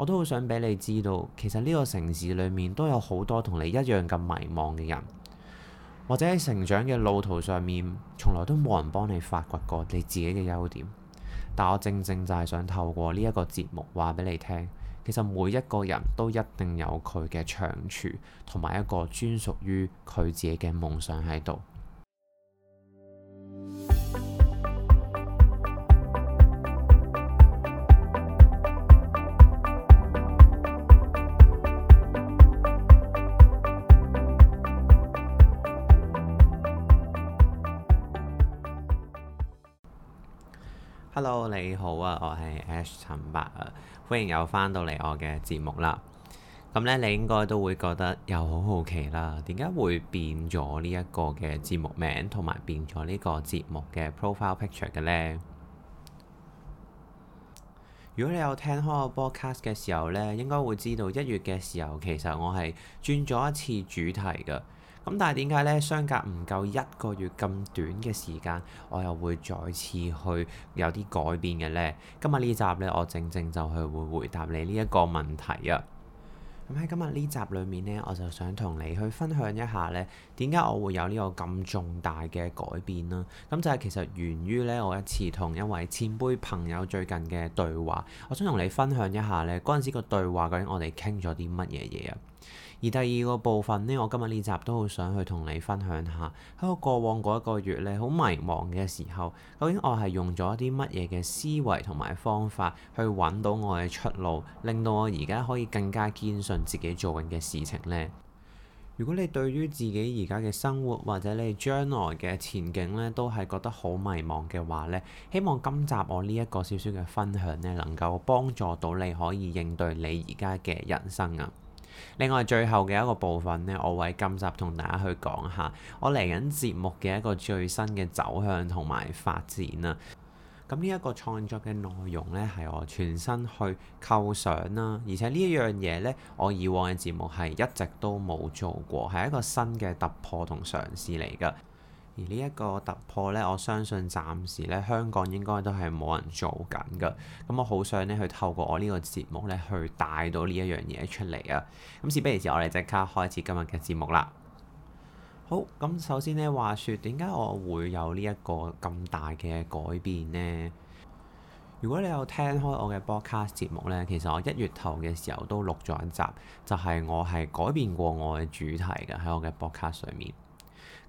我都好想俾你知道，其實呢個城市裏面都有好多同你一樣咁迷惘嘅人，或者喺成長嘅路途上面，從來都冇人幫你發掘過你自己嘅優點。但我正正就係想透過呢一個節目，話俾你聽，其實每一個人都一定有佢嘅長處，同埋一個專屬於佢自己嘅夢想喺度。Hello，你好啊，我係 Ash 陳伯啊，歡迎又翻到嚟我嘅節目啦。咁咧，你應該都會覺得又好好奇啦，點解會變咗呢一個嘅節目名，同埋變咗呢個節目嘅 profile picture 嘅咧？如果你有聽開我 podcast 嘅時候咧，應該會知道一月嘅時候其實我係轉咗一次主題噶。咁但係點解呢相隔唔夠一個月咁短嘅時間，我又會再次去有啲改變嘅呢？今日呢集呢，我正正就係會回答你呢一個問題啊！咁喺今日呢集裡面呢，我就想同你去分享一下呢點解我會有呢個咁重大嘅改變啦，啊？咁就係其實源於呢，我一次同一位前輩朋友最近嘅對話，我想同你分享一下呢嗰陣時個對話究竟我哋傾咗啲乜嘢嘢啊？而第二個部分呢，我今日呢集都好想去同你分享下喺我過往嗰一個月呢好迷茫嘅時候，究竟我係用咗一啲乜嘢嘅思維同埋方法去揾到我嘅出路，令到我而家可以更加堅信自己做緊嘅事情呢？如果你對於自己而家嘅生活或者你將來嘅前景呢，都係覺得好迷茫嘅話呢，希望今集我呢一個少少嘅分享呢，能夠幫助到你，可以應對你而家嘅人生啊！另外最後嘅一個部分呢，我會今集同大家去講下我嚟緊節目嘅一個最新嘅走向同埋發展啦。咁呢一個創作嘅內容呢，係我全新去構想啦，而且呢一樣嘢呢，我以往嘅節目係一直都冇做過，係一個新嘅突破同嘗試嚟㗎。而呢一個突破呢，我相信暫時呢，香港應該都係冇人做緊㗎。咁我好想呢，去透過我呢個節目呢，去帶到呢一樣嘢出嚟啊！咁事不宜遲，我哋即刻開始今日嘅節目啦。好，咁首先呢，話説點解我會有呢一個咁大嘅改變呢？如果你有聽開我嘅播客節目呢，其實我一月頭嘅時候都錄咗一集，就係、是、我係改變過我嘅主題㗎，喺我嘅播客上面。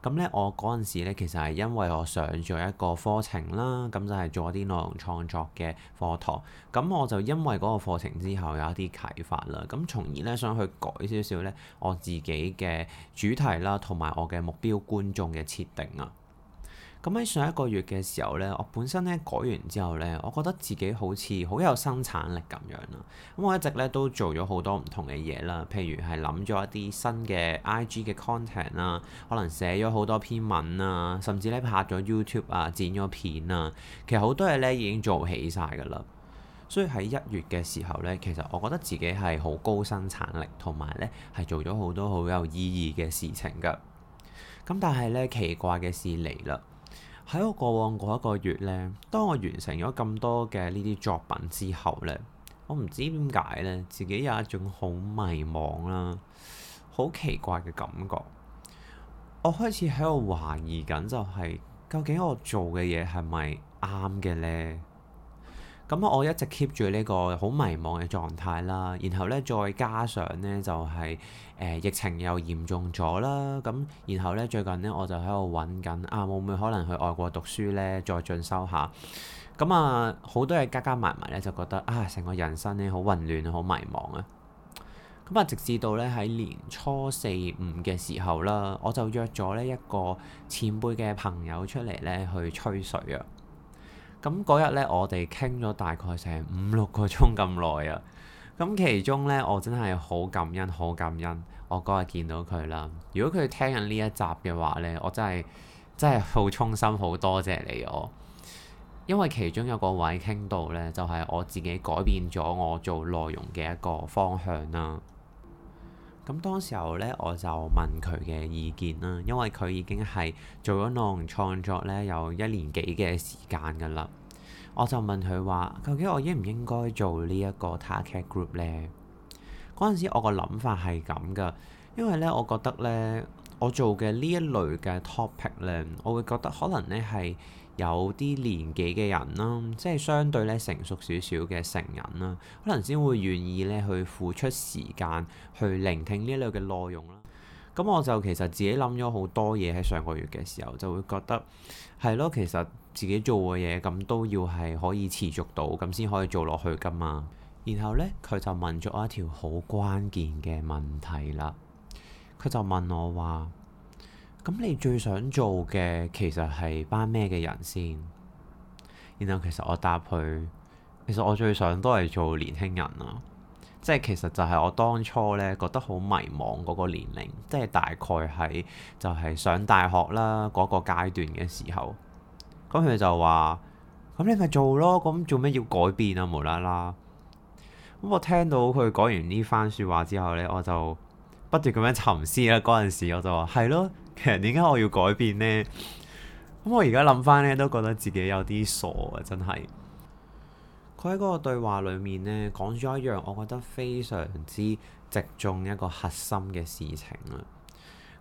咁咧，那我嗰陣時咧，其實係因為我上咗一個課程啦，咁就係做一啲內容創作嘅課堂。咁我就因為嗰個課程之後有一啲啟發啦，咁從而咧想去改少少咧我自己嘅主題啦，同埋我嘅目標觀眾嘅設定啊。咁喺上一個月嘅時候呢，我本身呢改完之後呢，我覺得自己好似好有生產力咁樣啦。咁我一直呢都做咗好多唔同嘅嘢啦，譬如係諗咗一啲新嘅 IG 嘅 content 啦，可能寫咗好多篇文啊，甚至呢拍咗 YouTube 啊，剪咗片啊。其實好多嘢呢已經做起晒㗎啦。所以喺一月嘅時候呢，其實我覺得自己係好高生產力，同埋呢係做咗好多好有意義嘅事情㗎。咁但係呢，奇怪嘅事嚟啦～喺我過往嗰一個月咧，當我完成咗咁多嘅呢啲作品之後咧，我唔知點解咧，自己有一種好迷茫啦、啊、好奇怪嘅感覺。我開始喺度懷疑緊、就係，就係究竟我做嘅嘢係咪啱嘅咧？咁我一直 keep 住呢個好迷茫嘅狀態啦，然後呢，再加上呢就係誒疫情又嚴重咗啦，咁然後呢，最近呢我就喺度揾緊啊，會唔會可能去外國讀書呢？再進修下？咁啊好多嘢加加埋埋呢，就覺得啊，成個人生呢好混亂，好迷茫啊！咁啊，直至到呢喺年初四五嘅時候啦，我就約咗呢一個前輩嘅朋友出嚟呢去吹水啊！咁嗰日咧，我哋傾咗大概成五六個鐘咁耐啊！咁其中咧，我真係好感恩，好感恩我嗰日見到佢啦。如果佢聽緊呢一集嘅話咧，我真係真係好衷心，好多謝你我。因為其中有個位傾到咧，就係我自己改變咗我做內容嘅一個方向啦。咁當時候咧，我就問佢嘅意見啦，因為佢已經係做咗內容創作咧有一年幾嘅時間㗎喇。我就問佢話：究竟我應唔應該做呢一個 target group 呢？嗰陣時我個諗法係噉㗎，因為咧我覺得咧，我做嘅呢一類嘅 topic 咧，我會覺得可能咧係。有啲年紀嘅人啦，即係相對咧成熟少少嘅成人啦，可能先會願意咧去付出時間去聆聽呢類嘅內容啦。咁我就其實自己諗咗好多嘢喺上個月嘅時候，就會覺得係咯，其實自己做嘅嘢咁都要係可以持續到咁先可以做落去㗎嘛。然後呢，佢就問咗一條好關鍵嘅問題啦，佢就問我話。咁你最想做嘅其實係班咩嘅人先？然後其實我答佢，其實我最想都係做年輕人啊，即係其實就係我當初咧覺得好迷茫嗰個年齡，即係大概喺就係、係、上大學啦嗰、嗰個階段嘅時候。咁、嗯、佢就話：咁你咪做咯，咁做咩要改變啊？無啦啦咁我聽到佢講完呢番說話之後咧，我就不斷咁樣沉思啦。嗰陣時我就話：係咯。其實點解我要改變呢？咁我而家諗翻咧，都覺得自己有啲傻啊！真係。佢喺嗰個對話裡面咧，講咗一樣我覺得非常之直中一個核心嘅事情啦。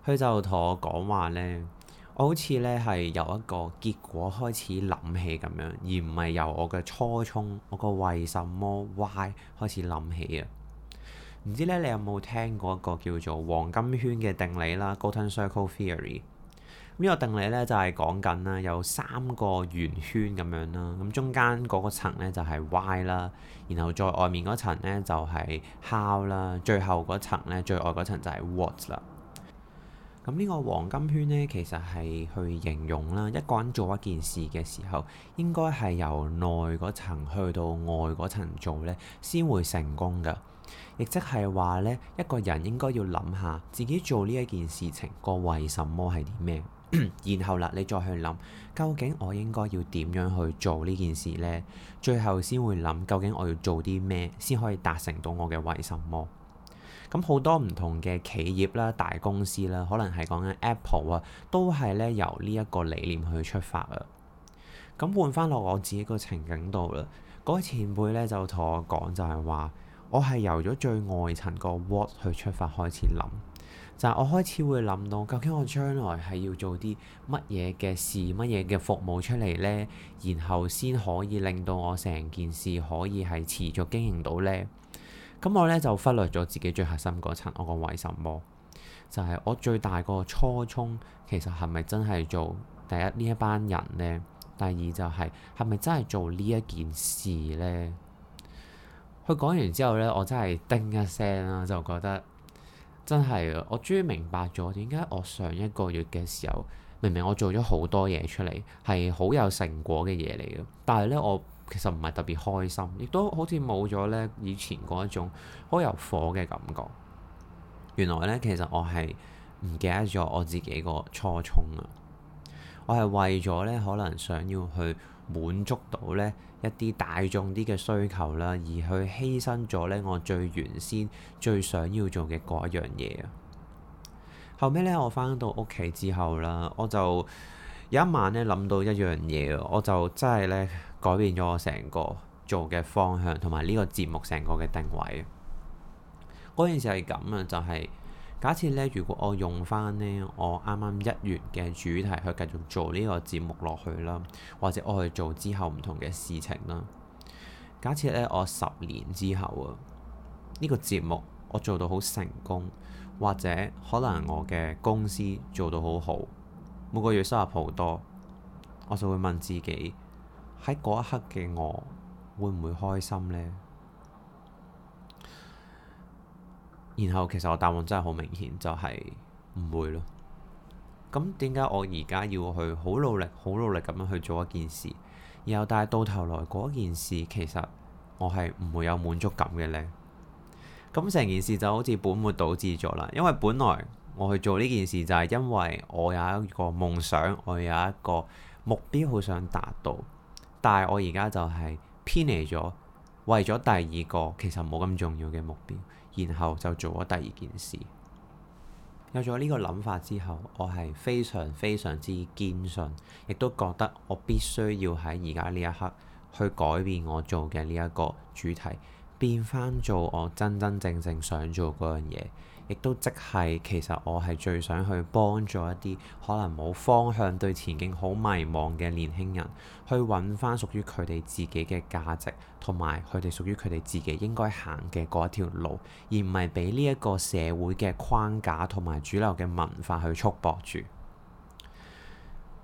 佢就同我講話咧，我好似咧係由一個結果開始諗起咁樣，而唔係由我嘅初衷，我個為什麼 why 開始諗起啊。唔知咧，你有冇聽過一個叫做黃金圈嘅定理啦？Golden Circle Theory 呢個定理咧，就係講緊啦，有三個圓圈咁樣啦。咁中間嗰個層咧就係 Why 啦，然後在外面嗰層咧就係 How 啦，最後嗰層咧最外嗰層就係 What 啦。咁呢個黃金圈咧，其實係去形容啦，一個人做一件事嘅時候，應該係由內嗰層去到外嗰層做咧，先會成功噶。亦即係話呢，一個人應該要諗下自己做呢一件事情個為什麼係啲咩？然後啦，你再去諗，究竟我應該要點樣去做呢件事呢？最後先會諗究竟我要做啲咩先可以達成到我嘅為什麼。咁好多唔同嘅企業啦、大公司啦，可能係講緊 Apple 啊，都係咧由呢一個理念去出發啊。咁換翻落我自己個情景度啦，嗰位前輩咧就同我講就係話。我係由咗最外層個 what 去出發開始諗，就係我開始會諗到究竟我將來係要做啲乜嘢嘅事、乜嘢嘅服務出嚟呢？然後先可以令到我成件事可以係持續經營到呢。咁我咧就忽略咗自己最核心嗰層。我講為什麼？就係我最大個初衷其實係咪真係做第一呢一班人呢？第二就係係咪真係做呢一件事呢？佢講完之後咧，我真係叮一聲啦，就覺得真係，我終於明白咗點解我上一個月嘅時候，明明我做咗好多嘢出嚟，係好有成果嘅嘢嚟嘅，但係咧我其實唔係特別開心，亦都好似冇咗咧以前嗰種好有火嘅感覺。原來咧，其實我係唔記得咗我自己個初衷啊！我係為咗咧，可能想要去。滿足到咧一啲大眾啲嘅需求啦，而去犧牲咗咧我最原先最想要做嘅嗰一樣嘢啊。後尾咧我翻到屋企之後啦，我就有一晚咧諗到一樣嘢，我就真係咧改變咗我成個做嘅方向同埋呢個節目成個嘅定位。嗰件事係咁啊，就係、是。假設咧，如果我用翻呢，我啱啱一月嘅主題去繼續做呢個節目落去啦，或者我去做之後唔同嘅事情啦。假設咧，我十年之後啊，呢個節目我做到好成功，或者可能我嘅公司做到好好，每個月收入好多，我就會問自己喺嗰一刻嘅我會唔會開心咧？然後其實我答案真係好明顯，就係、是、唔會咯。咁點解我而家要去好努力、好努力咁樣去做一件事，然後但係到頭來嗰件事其實我係唔會有滿足感嘅呢？咁成件事就好似本末倒置咗啦。因為本來我去做呢件事就係因為我有一個夢想，我有一個目標好想達到，但係我而家就係偏離咗，為咗第二個其實冇咁重要嘅目標。然後就做咗第二件事。有咗呢個諗法之後，我係非常非常之堅信，亦都覺得我必須要喺而家呢一刻去改變我做嘅呢一個主題，變翻做我真真正正想做嗰樣嘢。亦都即係，其實我係最想去幫助一啲可能冇方向、對前景好迷茫嘅年輕人，去揾翻屬於佢哋自己嘅價值，同埋佢哋屬於佢哋自己應該行嘅嗰條路，而唔係俾呢一個社會嘅框架同埋主流嘅文化去束縛住。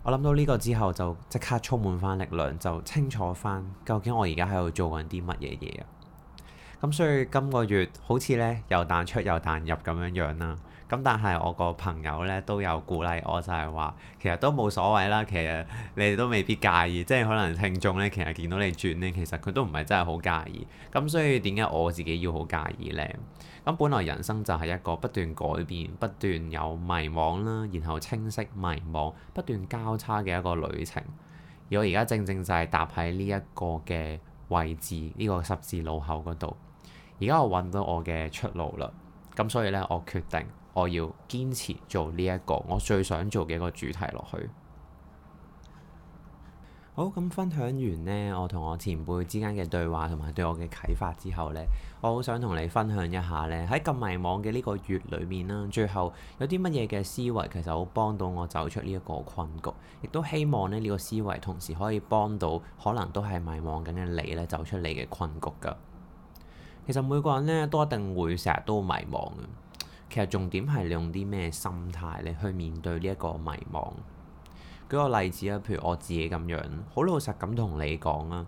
我諗到呢個之後，就即刻充滿翻力量，就清楚翻究竟我而家喺度做緊啲乜嘢嘢啊！咁所以今個月好似呢又彈出又彈入咁樣樣啦。咁但係我個朋友呢都有鼓勵我，就係話其實都冇所謂啦。其實你哋都未必介意，即係可能聽眾呢，其實見到你轉呢，其實佢都唔係真係好介意。咁所以點解我自己要好介意呢？咁本來人生就係一個不斷改變、不斷有迷惘啦，然後清晰迷惘，不斷交叉嘅一個旅程。而我而家正正就係搭喺呢一個嘅位置，呢個十字路口嗰度。而家我揾到我嘅出路啦，咁所以呢，我決定我要堅持做呢一個我最想做嘅一個主題落去。好，咁分享完呢，我同我前輩之間嘅對話同埋對我嘅啟發之後呢，我好想同你分享一下呢，喺咁迷惘嘅呢個月裏面啦，最後有啲乜嘢嘅思維其實好幫到我走出呢一個困局，亦都希望呢，呢個思維同時可以幫到可能都係迷惘緊嘅你呢走出你嘅困局㗎。其實每個人咧都一定會成日都迷惘嘅，其實重點係你用啲咩心態咧去面對呢一個迷惘。舉個例子啊，譬如我自己咁樣，好老實咁同你講啦：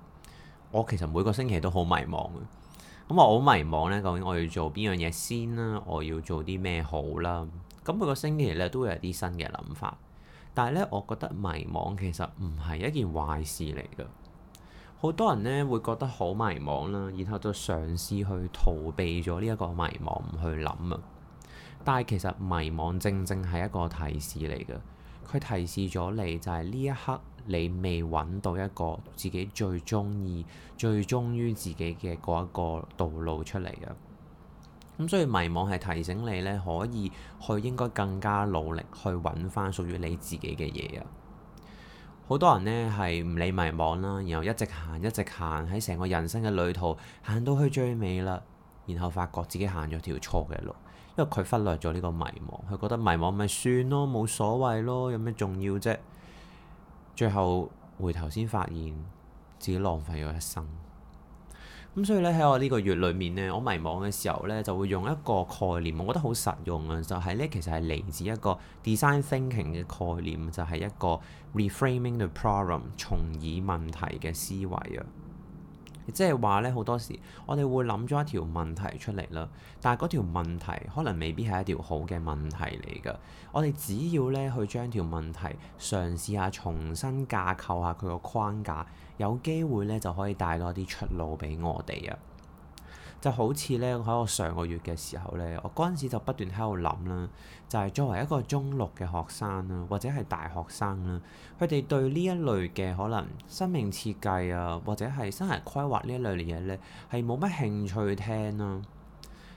我其實每個星期都好迷惘嘅。咁我好迷惘咧，究竟我要做邊樣嘢先啦？我要做啲咩好啦？咁每個星期咧都會有啲新嘅諗法，但係咧我覺得迷惘其實唔係一件壞事嚟噶。好多人咧會覺得好迷茫啦，然後就嘗試去逃避咗呢一個迷茫，唔去諗啊。但係其實迷茫正正係一個提示嚟嘅，佢提示咗你就係、是、呢一刻你未揾到一個自己最中意、最忠於自己嘅嗰一個道路出嚟嘅。咁所以迷茫係提醒你咧，可以去應該更加努力去揾翻屬於你自己嘅嘢啊。好多人咧係唔理迷惘啦，然後一直行，一直行喺成個人生嘅旅途，行到去最尾啦，然後發覺自己行咗條錯嘅路，因為佢忽略咗呢個迷惘，佢覺得迷惘咪算咯，冇所謂咯，有咩重要啫？最後回頭先發現自己浪費咗一生。咁所以咧喺我呢個月裏面咧，我迷茫嘅時候咧，就會用一個概念，我覺得好實用啊！就係咧，其實係嚟自一個 design thinking 嘅概念，就係一個 reframing the problem，從以問題嘅思維啊。即係話咧，好多時我哋會諗咗一條問題出嚟啦，但係嗰條問題可能未必係一條好嘅問題嚟㗎。我哋只要咧去將條問題嘗試下重新架構下佢個框架。有機會咧，就可以帶多啲出路俾我哋啊！就好似咧喺我上個月嘅時候咧，我嗰陣時就不斷喺度諗啦，就係作為一個中六嘅學生啦，或者係大學生啦，佢哋對呢一類嘅可能生命設計啊，或者係生涯規劃呢一類嘢咧，係冇乜興趣聽啦。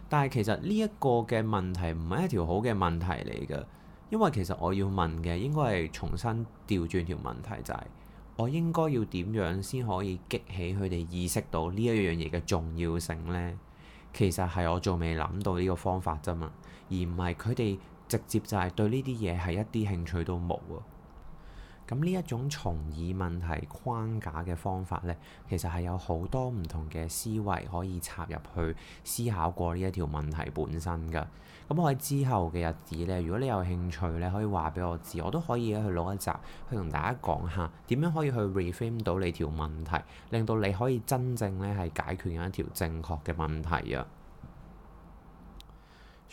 但係其實呢一個嘅問題唔係一條好嘅問題嚟嘅，因為其實我要問嘅應該係重新調轉條問題就係。我應該要點樣先可以激起佢哋意識到呢一樣嘢嘅重要性呢？其實係我仲未諗到呢個方法啫嘛，而唔係佢哋直接就係對呢啲嘢係一啲興趣都冇啊。咁呢一種從以問題框架嘅方法呢，其實係有好多唔同嘅思維可以插入去思考過呢一條問題本身㗎。咁我喺之後嘅日子咧，如果你有興趣咧，可以話俾我知，我都可以去攞一集去同大家講下點樣可以去 reframe 到你條問題，令到你可以真正咧係解決緊一條正確嘅問題啊！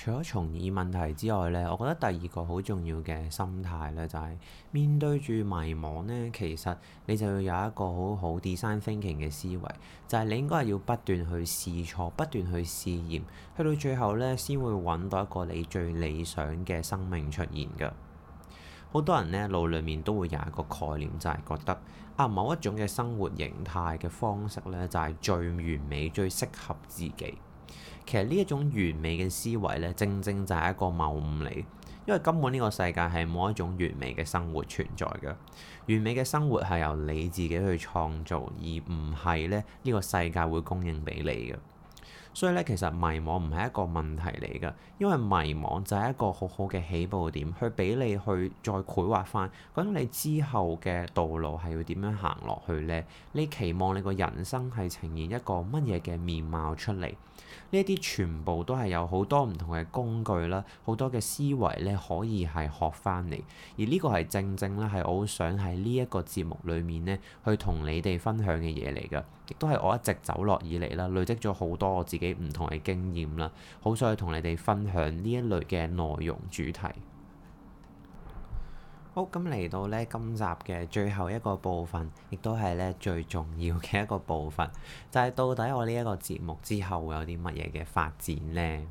除咗從而問題之外呢，我覺得第二個好重要嘅心態呢，就係、是、面對住迷茫呢。其實你就要有一個好好嘅山 thinking 嘅思維，就係、是、你應該係要不斷去試錯，不斷去試驗，去到最後呢，先會揾到一個你最理想嘅生命出現噶。好多人呢，路裡面都會有一個概念，就係、是、覺得啊，某一種嘅生活形態嘅方式呢，就係、是、最完美、最適合自己。其實呢一種完美嘅思維咧，正正就係一個謬誤嚟，因為根本呢個世界係冇一種完美嘅生活存在嘅。完美嘅生活係由你自己去創造，而唔係咧呢個世界會供應俾你嘅。所以咧，其實迷惘唔係一個問題嚟㗎，因為迷惘就係一個好好嘅起步點，去俾你去再繪畫翻，咁你之後嘅道路係要點樣行落去呢？你期望你個人生係呈現一個乜嘢嘅面貌出嚟？呢一啲全部都係有好多唔同嘅工具啦，好多嘅思維咧，可以係學翻嚟。而呢個係正正咧，係我好想喺呢一個節目裡面咧，去同你哋分享嘅嘢嚟㗎。亦都係我一直走落以嚟啦，累積咗好多我自己唔同嘅經驗啦，好想去同你哋分享呢一類嘅內容主題。好，咁嚟到呢今集嘅最後一個部分，亦都係呢最重要嘅一個部分，就係到底我呢一個節目之後會有啲乜嘢嘅發展呢？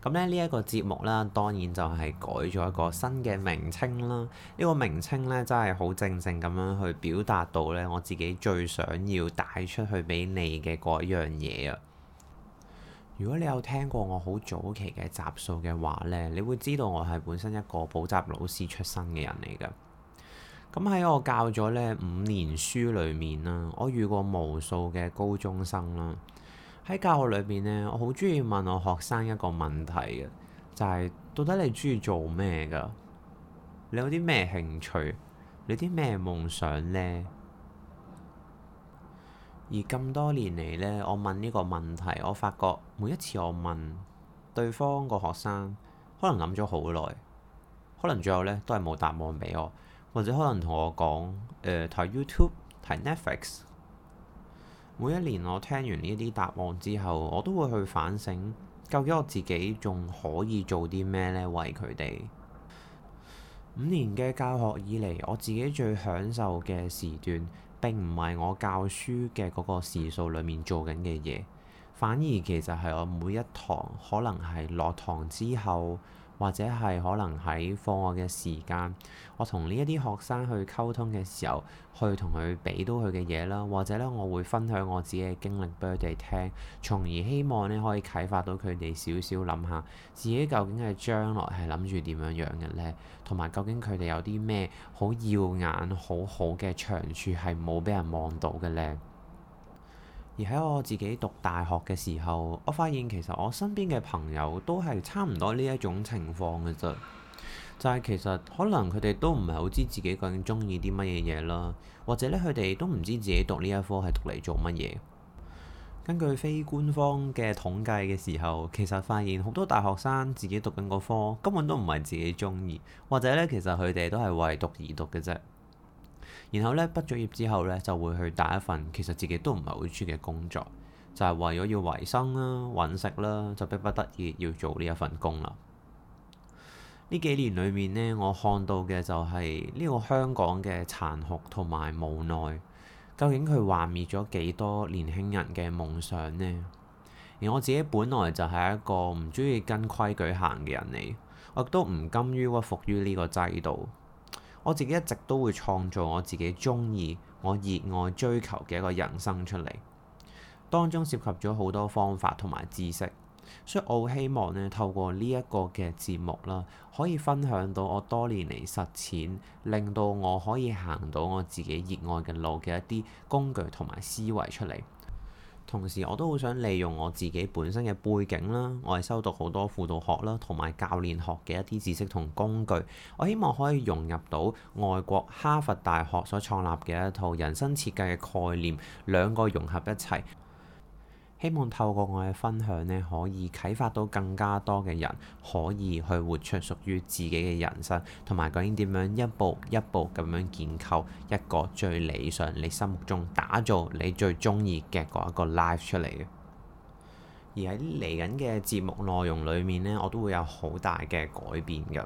咁咧呢一個節目啦，當然就係改咗一個新嘅名稱啦。呢個名稱咧，真係好正正咁樣去表達到咧我自己最想要帶出去俾你嘅嗰樣嘢啊！如果你有聽過我好早期嘅集數嘅話咧，你會知道我係本身一個補習老師出身嘅人嚟噶。咁喺我教咗咧五年書裡面啦，我遇過無數嘅高中生啦。喺教學裏面咧，我好中意問我學生一個問題嘅，就係到底你中意做咩噶？你有啲咩興趣？你啲咩夢想咧？而咁多年嚟咧，我問呢個問題，我發覺每一次我問對方個學生，可能諗咗好耐，可能最後咧都係冇答案俾我，或者可能同我講，誒睇 YouTube，睇 Netflix。每一年我聽完呢啲答案之後，我都會去反省，究竟我自己仲可以做啲咩呢？為佢哋。五年嘅教學以嚟，我自己最享受嘅時段並唔係我教書嘅嗰個時數裡面做緊嘅嘢，反而其實係我每一堂可能係落堂之後。或者係可能喺課外嘅時間，我同呢一啲學生去溝通嘅時候，去同佢俾到佢嘅嘢啦，或者咧，我會分享我自己嘅經歷俾佢哋聽，從而希望咧可以啟發到佢哋少少諗下，自己究竟係將來係諗住點樣樣嘅咧，同埋究竟佢哋有啲咩好耀眼、好好嘅長處係冇俾人望到嘅咧。而喺我自己讀大學嘅時候，我發現其實我身邊嘅朋友都係差唔多呢一種情況嘅啫。就係其實可能佢哋都唔係好知自己究竟中意啲乜嘢嘢啦，或者咧佢哋都唔知自己讀呢一科係讀嚟做乜嘢。根據非官方嘅統計嘅時候，其實發現好多大學生自己讀緊個科根本都唔係自己中意，或者咧其實佢哋都係為讀而讀嘅啫。然後咧，畢咗業之後咧，就會去打一份其實自己都唔係好中意嘅工作，就係、是、為咗要維生啦、啊、揾食啦、啊，就迫不得已要做呢一份工啦。呢幾年裏面呢，我看到嘅就係呢個香港嘅殘酷同埋無奈，究竟佢幻滅咗幾多年輕人嘅夢想呢？而我自己本來就係一個唔中意跟規矩行嘅人嚟，我亦都唔甘於屈服於呢個制度。我自己一直都會創造我自己鍾意、我熱愛追求嘅一個人生出嚟，當中涉及咗好多方法同埋知識，所以我好希望呢透過呢一個嘅節目啦，可以分享到我多年嚟實踐，令到我可以行到我自己熱愛嘅路嘅一啲工具同埋思維出嚟。同時，我都好想利用我自己本身嘅背景啦，我係修讀好多輔導學啦，同埋教練學嘅一啲知識同工具，我希望可以融入到外國哈佛大學所創立嘅一套人生設計嘅概念，兩個融合一齊。希望透過我嘅分享呢，可以啟發到更加多嘅人，可以去活出屬於自己嘅人生，同埋究竟點樣一步一步咁樣建構一個最理想你心目中打造你最中意嘅嗰一個 live 出嚟嘅。而喺嚟緊嘅節目內容裡面呢，我都會有好大嘅改變嘅。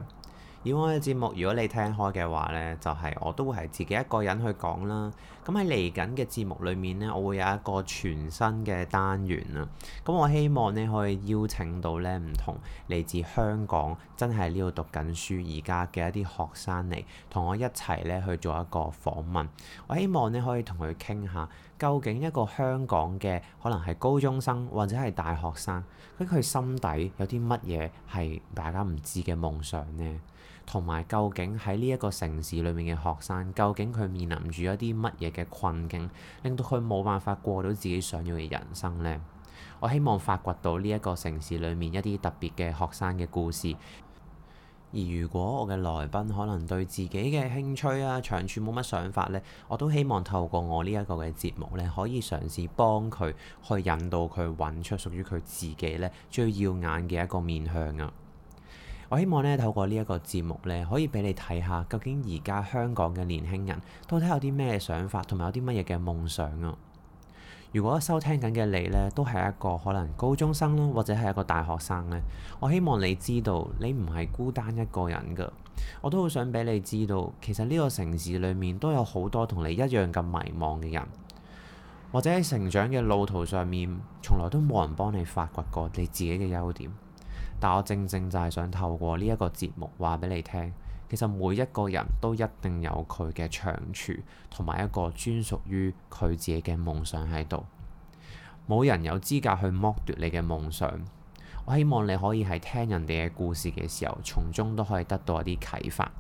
以往嘅節目，如果你聽開嘅話呢，就係我都會係自己一個人去講啦。咁喺嚟緊嘅節目裏面呢，我會有一個全新嘅單元啊。咁我希望咧可以邀請到呢唔同嚟自香港真係呢度讀緊書而家嘅一啲學生嚟，同我一齊呢去做一個訪問。我希望咧可以同佢傾下。究竟一個香港嘅可能係高中生或者係大學生，佢心底有啲乜嘢係大家唔知嘅夢想呢？同埋究竟喺呢一個城市裏面嘅學生，究竟佢面臨住一啲乜嘢嘅困境，令到佢冇辦法過到自己想要嘅人生呢？我希望發掘到呢一個城市裏面一啲特別嘅學生嘅故事。而如果我嘅來賓可能對自己嘅興趣啊、長處冇乜想法呢，我都希望透過我呢一個嘅節目呢，可以嘗試幫佢，去引導佢揾出屬於佢自己呢最耀眼嘅一個面向啊！我希望呢，透過呢一個節目呢，可以俾你睇下，究竟而家香港嘅年輕人到底有啲咩想法，同埋有啲乜嘢嘅夢想啊！如果收聽緊嘅你呢，都係一個可能高中生啦，或者係一個大學生呢。我希望你知道你唔係孤單一個人噶。我都好想俾你知道，其實呢個城市裏面都有好多同你一樣咁迷茫嘅人，或者喺成長嘅路途上面從來都冇人幫你發掘過你自己嘅優點。但我正正就係想透過呢一個節目話俾你聽。其實每一個人都一定有佢嘅長處，同埋一個專屬於佢自己嘅夢想喺度。冇人有資格去剝奪你嘅夢想。我希望你可以喺聽人哋嘅故事嘅時候，從中都可以得到一啲啟發。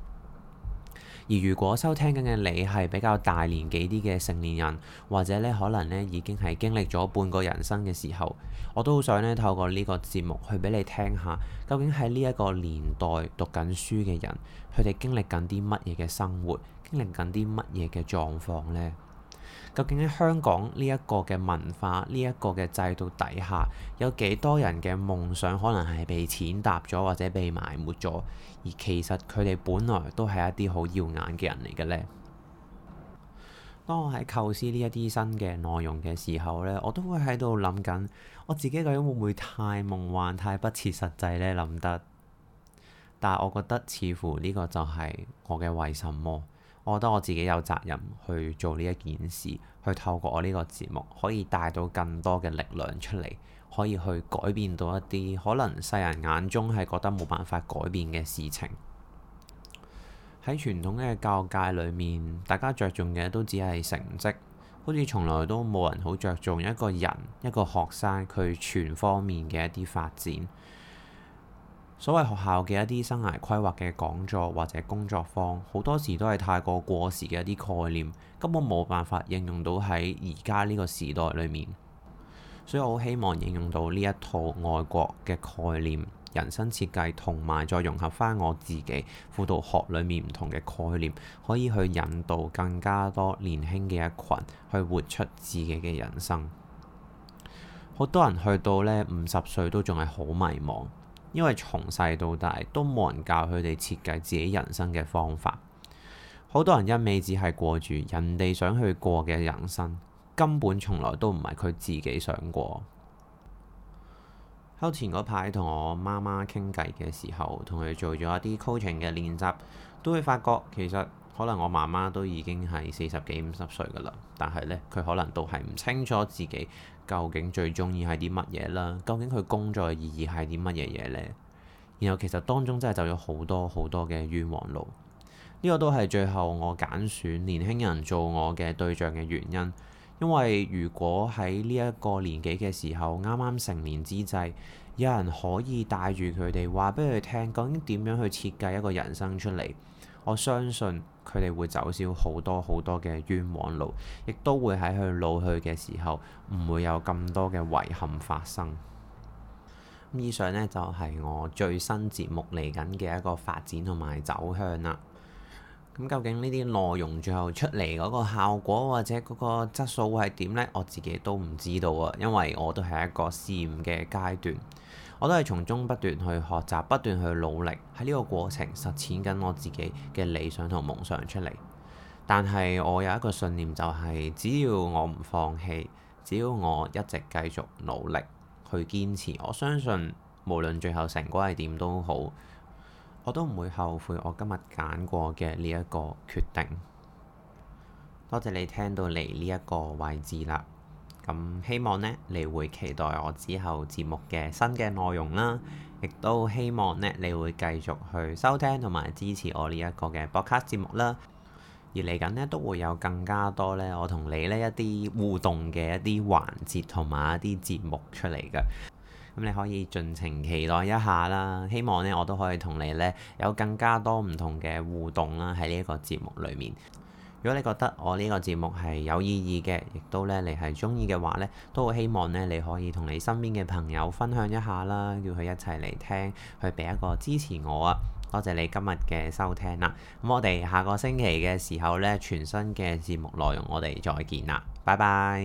而如果收聽緊嘅你係比較大年紀啲嘅成年人，或者咧可能咧已經係經歷咗半個人生嘅時候，我都好想咧透過呢個節目去俾你聽下，究竟喺呢一個年代讀緊書嘅人，佢哋經歷緊啲乜嘢嘅生活，經歷緊啲乜嘢嘅狀況呢？究竟喺香港呢一個嘅文化，呢一個嘅制度底下，有幾多人嘅夢想可能係被踐踏咗，或者被埋沒咗？而其實佢哋本來都係一啲好耀眼嘅人嚟嘅呢。當我喺構思呢一啲新嘅內容嘅時候呢，我都會喺度諗緊，我自己究竟會唔會太夢幻、太不切實際呢？諗得，但係我覺得似乎呢個就係我嘅為什麼。我覺得我自己有責任去做呢一件事，去透過我呢個節目可以帶到更多嘅力量出嚟，可以去改變到一啲可能世人眼中係覺得冇辦法改變嘅事情。喺傳統嘅教育界裏面，大家着重嘅都只係成績，好似從來都冇人好着重一個人、一個學生佢全方面嘅一啲發展。所謂學校嘅一啲生涯規劃嘅講座或者工作坊，好多時都係太過過時嘅一啲概念，根本冇辦法應用到喺而家呢個時代裏面。所以我好希望應用到呢一套外國嘅概念，人生設計，同埋再融合翻我自己輔導學裏面唔同嘅概念，可以去引導更加多年輕嘅一群去活出自己嘅人生。好多人去到呢五十歲都仲係好迷茫。因為從細到大都冇人教佢哋設計自己人生嘅方法，好多人一味只係過住人哋想去過嘅人生，根本從來都唔係佢自己想過。喺前嗰排同我媽媽傾偈嘅時候，同佢做咗一啲 coaching 嘅練習，都會發覺其實。可能我媽媽都已經係四十幾五十歲噶啦，但係呢，佢可能都係唔清楚自己究竟最中意係啲乜嘢啦，究竟佢工作嘅意義係啲乜嘢嘢咧？然後其實當中真係走咗好多好多嘅冤枉路，呢個都係最後我揀選年輕人做我嘅對象嘅原因，因為如果喺呢一個年紀嘅時候，啱啱成年之際，有人可以帶住佢哋話俾佢哋聽，究竟點樣去設計一個人生出嚟，我相信。佢哋會走少好多好多嘅冤枉路，亦都會喺佢老去嘅時候唔會有咁多嘅遺憾發生。以上呢，就係我最新節目嚟緊嘅一個發展同埋走向啦。咁究竟呢啲內容最後出嚟嗰個效果或者嗰個質素係點呢？我自己都唔知道啊，因為我都係一個試驗嘅階段。我都係從中不斷去學習，不斷去努力，喺呢個過程實踐緊我自己嘅理想同夢想出嚟。但係我有一個信念，就是，就係只要我唔放棄，只要我一直繼續努力去堅持，我相信無論最後成果係點都好，我都唔會後悔我今日揀過嘅呢一個決定。多謝你聽到嚟呢一個位置啦。咁希望咧，你會期待我之後節目嘅新嘅內容啦，亦都希望咧，你會繼續去收聽同埋支持我呢一個嘅播客節目啦。而嚟緊咧，都會有更加多咧，我同你呢一啲互動嘅一啲環節同埋一啲節目出嚟嘅。咁你可以盡情期待一下啦。希望咧，我都可以同你咧有更加多唔同嘅互動啦，喺呢一個節目裡面。如果你覺得我呢個節目係有意義嘅，亦都咧你係中意嘅話咧，都好希望咧你可以同你身邊嘅朋友分享一下啦，叫佢一齊嚟聽，去俾一個支持我啊！多謝你今日嘅收聽啦，咁我哋下個星期嘅時候咧，全新嘅節目內容，我哋再見啦，拜拜。